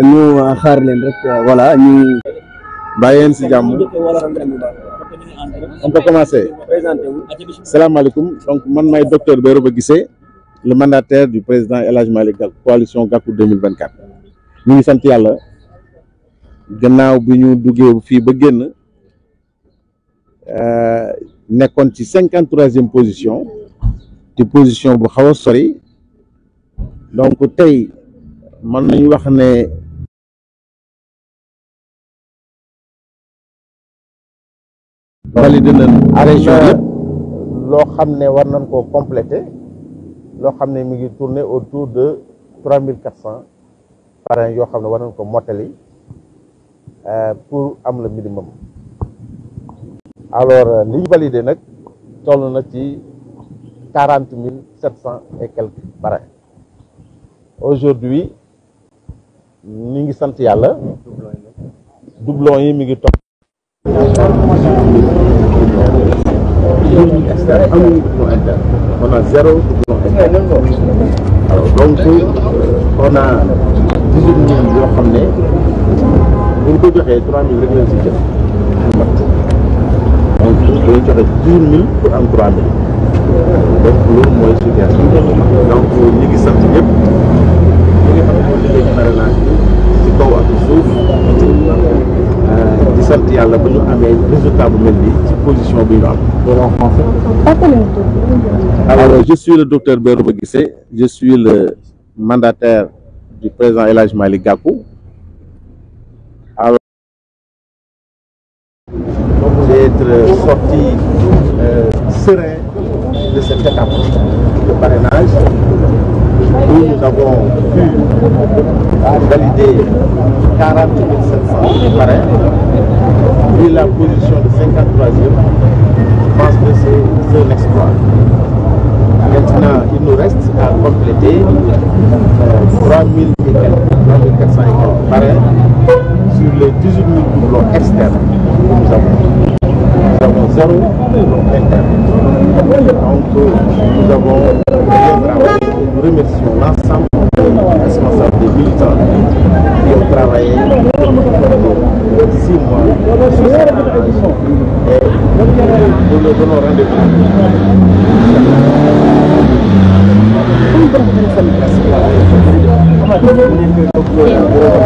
Nous, xaar leen rek voilà ñu bàyyi leen si on peut commencer alaikum, donc man may docteur Béroba Guissé le mandataire du président El Hadj Malick la coalition Gakou 2024 ñu ngi sant yalla gannaaw bi ñu duggee fii ba génn euh, nekkoon ci cinquante troisième position de position bu xaw sori donc tay man nañu wax né validé nañ région yëpp loo xam war nañ ko compléter lo xamné mi ngi tourner autour de 3400... mille quatre cent parrain war nañ ko euh pour am le minimum alors euh, li ñu validé nag toll na ci 40700 et quelques parrains aujourd'hui mi ngi sant yàlla doublon yi mi ngi topp on a zéro doublon alors donc euh, on a dix-huit mille yoo xam ne bu ñu ko joxee trois mille rek lañ jël donc joxe dix-huit pour am trois mille donc loolu mooy situation donc ñu ngi sant ñëpp alors je suis le docteur Bérouba Guissé je suis le mandataire du président Elage Mali Gakou. alors j'ai été sorti euh, serein de cette étape de parrainage où nous avons pu valider 40 700 parrains. Et la position de 53e, je pense que c'est un exploit. Maintenant, il nous reste à compléter 3 euh, 3000 et quelques, 3400 et quelques sur les 18 000 doublons externes que nous avons. Nous avons zéro interne. Donc, nous avons bien et nous remercions l'ensemble des responsables des militants qui ont signora che la ti Donde a sono rendezvous.